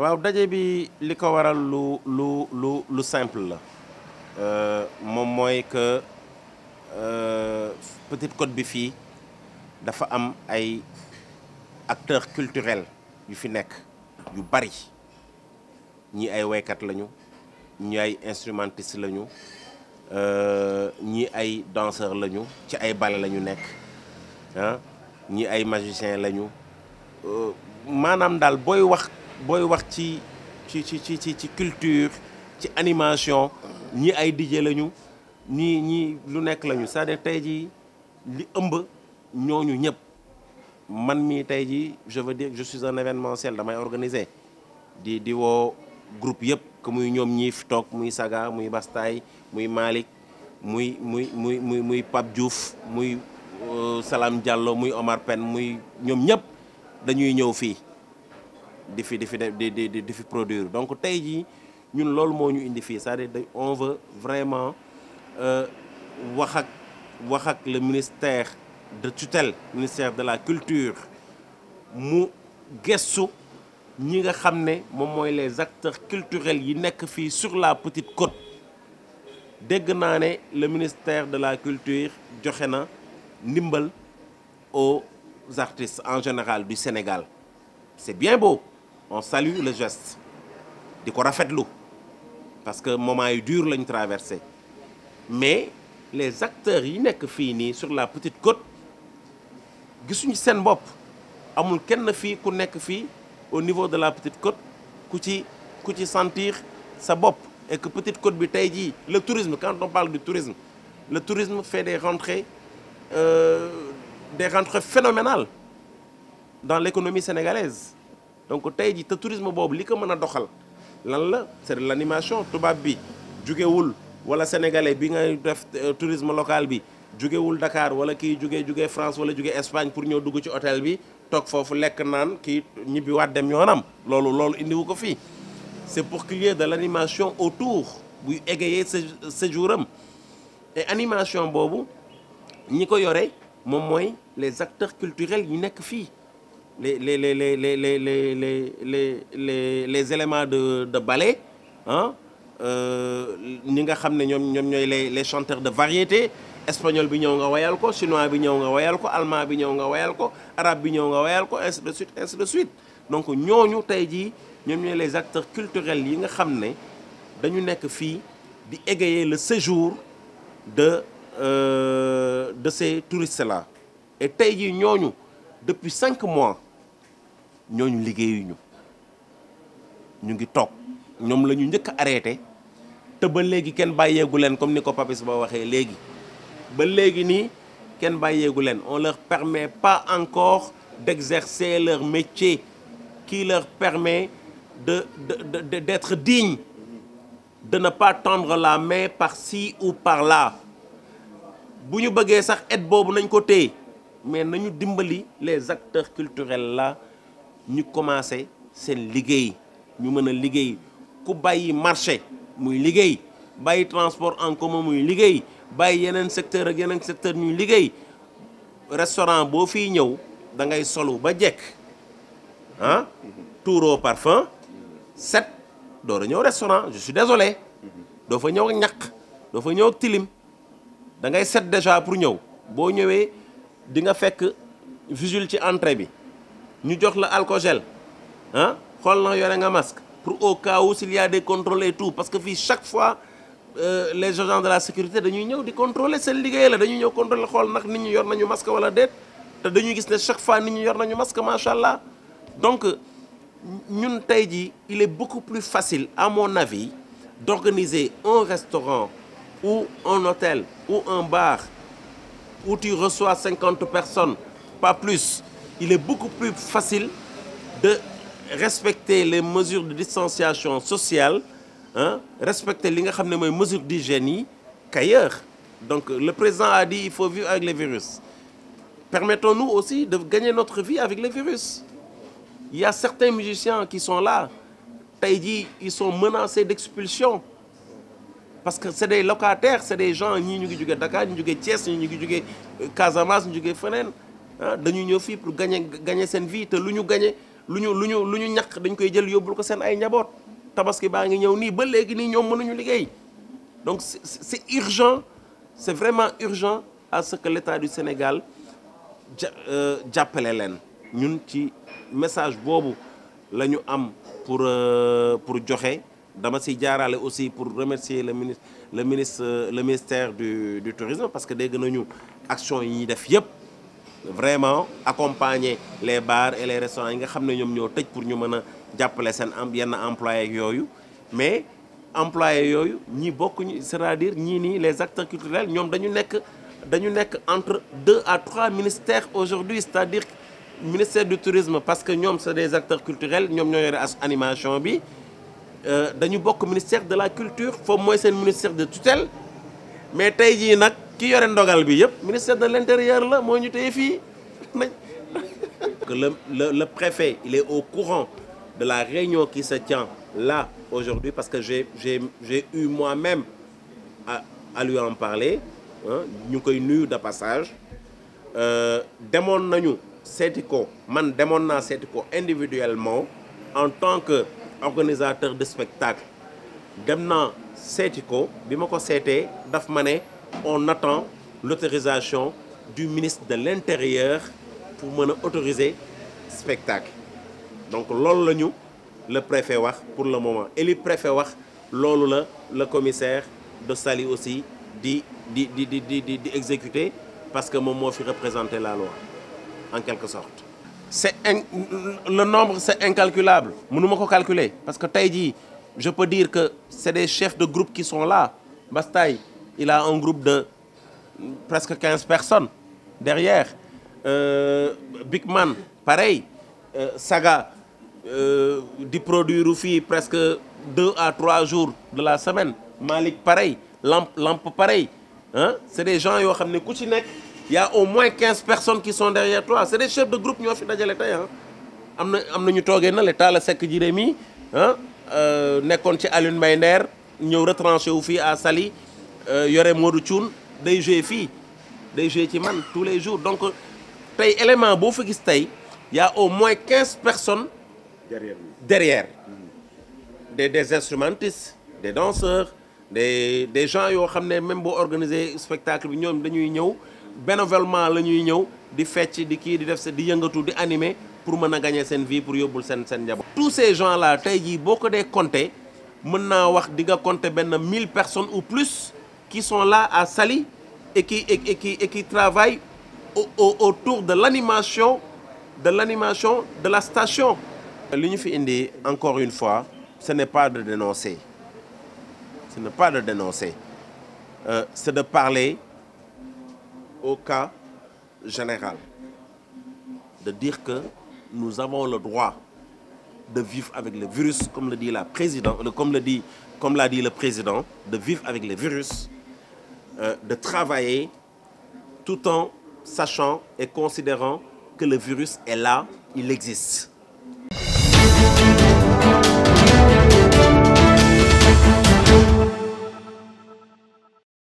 waaw daje bi li ko waral lu lu lu lu simple la euh, moom mooy que euh, Petite Côte bi fii dafa am ay acteur culturel yu fi nekk yu bari ñi ay waykat lañu ñi ay instrumentistes lañu. Euh, ñi ay danseur lañu ci ay bale lañu nek hein, ah, ñi ay magicien lañu euh, manam dal boy wax boy wax ci ci ci ci ci culture ci animation ñi ay DJ lañu ñi ñi lu nek lañu ça ça dire tey jii li ëmb ñooñu ñëpp man mi tay ji je veux dire je suis un événementiel damay organiser di di wo groupe yëpp que muy ñoom ñii fi tok muy Saga muy bastay muy malik muy muy muy muy muy Pape Diouf muy euh, Salam Diallo muy Omar pen muy ñom ñep dañuy ñew fi di fi di fi di di di fi produire donc tay ji ñun loolu moo ñu indi fi c'est-à-dire on veut vraiment euh wax ak wax ak le ministère de tutelle ministère de la culture mu gëstu. Nous nga que les acteurs culturels qui sont sur la petite côte dégg avons le ministère de la culture nous na aux artistes en général du Sénégal c'est bien beau on salue le geste quoi fait l'eau, parce que moment est dur lañ traversé mais les acteurs qui sont ici sur la petite côte ils sont bopp amul kenn au niveau de la Petite Côte il faut sentir sa bop et que Petite Côte bi le tourisme quand on parle du tourisme le tourisme fait des rentrées euh, des rentrées phénoménales dans l'économie sénégalaise donc tey le te tourisme bob li ko meuna a doxal lan la c'est de l'animation tobab bi jugewul wala sénégalais bi nga def euh, tourisme local bi jugewul Dakar wala ki jugé jugé France wala jugé Espagne pour ñeu dugg ci hôtel bi tok fofu lek nan ki ñibi wat dem yoonam lolu loolu indiwu ko fi c'est pour qu'il y ait de l'animation autour bu égayer ce am et animation bobu ñiko yoré mom moy les acteurs culturels yi nek fi les les les les les les les les les éléments de de ballet hein euh, ñi nga xam ne ñoom ñoom les chanteurs de variété espagnol bi ñëw nga wayal ko chinois bi ñëw nga wayal ko allemand bi ñëw nga wayal ko arabe bi ñëw nga wayal ko ainsi de suite ainsi de suite donc ñooñu tey jii ñoom ñooy les acteurs culturels yi nga xam ne dañu nekk fii di égayer le séjour de euh, de ces touristes là et tey jii ñooñu depuis cinq mois ñooñu liggéeyuñu ñu ngi toog ñoom la ñu njëkk a arrêté te ba léegi kenn bàyyeegu leen comme ni ko Papis ba waxee léegi ba léegi nii kenn bàyyeegu leen on leur permet pas encore d'exercer leur métier qui leur permet de de de d'être digne de ne pas tendre la main par-ci ou par-là bu ñu bëggee sax aide boobu nañ ko téye mais nañu dimbali les acteurs culturels là ñu commencer seen liggéey ñu mën a liggéey ku bàyyi marché muy liggéey bàyyi transport en commun muy liggéey bàyyi yeneen secteur ak yeneen secteur ñuy liggéey restaurant boo fii ñëw da ngay solu ba jekk ah tuuroo parfum set door a restaurant je suis désolé doo fa ñëw ak ñaq doo fa ñew ak tilim da ngay set déjà pour ñew bo ñewé di nga fekk visuel ci entrée bi ñu jox la alcool gel hein ah, xol na yore nga masque pour au cas où s'il y a des contrôles et tout parce que puis, chaque fois euh, les agents de la sécurité dañuy ñëw di contrôler ce liggéey la dañuy Ils contrôler xool nag nit ñi yor masque wala te dañuy ont chaque fois nit ñi yor masque donc ñun tey dit il est beaucoup plus facile à mon avis d'organiser un restaurant ou un hôtel ou un bar où tu reçois 50 personnes pas plus il est beaucoup plus facile de respecter les mesures de distanciation sociale hein, respecter les mesures d'hygiène qu'ailleurs donc le président a dit il faut vivre avec les virus permettons-nous aussi de gagner notre vie avec les virus il y a certains musiciens qui sont là ils sont menacés d'expulsion parce que c'est des locataires c'est des gens ni Dakar ni Thiès ni hein, pour gagner gagner vie luñu luñu luñu ñak dañ koy jël yobul ko seen ay njaboot tabaski baangi ñew ni nii ba léegi nii ñoom mënuñu liggéey donc c'est, urgent c'est vraiment urgent à ce que l'État du Sénégal ja euh, len ñun ci message bobu lañu am pour euh, pour joxé dama ci jaarale aussi pour remercier le ministre le ministre euh, le ministère du du tourisme parce que dégg nañu action yi ñuy def yépp vraiment accompagner les bars et les restaurants Nous nga qu'ils sont venus ñoo pour ñu appeler les employés Mais.. Les employés c'est-à-dire les acteurs culturels nous dañu entre deux à trois ministères aujourd'hui c'est-à-dire Le ministère du tourisme parce que nous sommes des acteurs culturels nous sommes des as animation bi euh, dañu ministère de la culture faut moins le ministère de tutelle mais aujourd'hui ki yoré ndogal bi ministère de l'intérieur le préfet est au courant de la réunion qui se tient là aujourd'hui parce que j'ai eu moi-même à lui en parler Nous sommes le de passage Je euh, nañu fait man individuellement en tant que organisateur de spectacle dem naa seeti ko on attend l'autorisation du ministre de l'Intérieur pour autoriser le autoriser spectacle donc c'est le préfet pour le moment et le préfet wax le commissaire de Sali aussi dit di parce que mon mot représenter la loi en quelque sorte c'est le nombre c'est incalculable peux pas calculer parce que Taïdi, je peux dire que c'est des chefs de groupe qui sont là il a un groupe de presque 15 personnes derrière. Euh, Big Man, pareil. Euh, saga, euh, du produit Rufi, presque 2 à 3 jours de la semaine. Malik, pareil. Lampe pareil. Hein? C'est des gens, qui ont il y a au moins 15 personnes qui sont derrière toi. C'est des chefs de groupe qui ont fait l'État. Amna ñu togué na l'état la sek jiremi hein euh nékkon ci Alune Mbaye ñeu retranché wu à Sali euh, yore Modou Thioune day jeux fi, day jeux ci man tous les jours donc tey élément boo fa gis Il y a au moins 15 personnes derrière derrière des des instrumentistes des danseurs des des gens qui ont même boo organiser spectacle bi ñoom dañuy ñëw bénévolement la ñuy ñëw di fecc di kii di def di yëngatu di animer pour mën gagner seen vie pour yobul sen sen njaboot. tous ces gens là tey jii boo ko dee compter mën naa wax di compter personnes ou plus qui sont là à Sali et qui, et, qui, et travaillent autour de l'animation de l'animation de la station. L'Unifi encore une fois, ce n'est pas de dénoncer. Ce n'est pas de dénoncer. Euh, c'est de parler au cas général. De dire que nous avons le droit de vivre avec le virus, comme le dit, la comme dit, comme l'a dit le président, de vivre avec les virus euh, de travailler tout en sachant et considérant que le virus est là, il existe.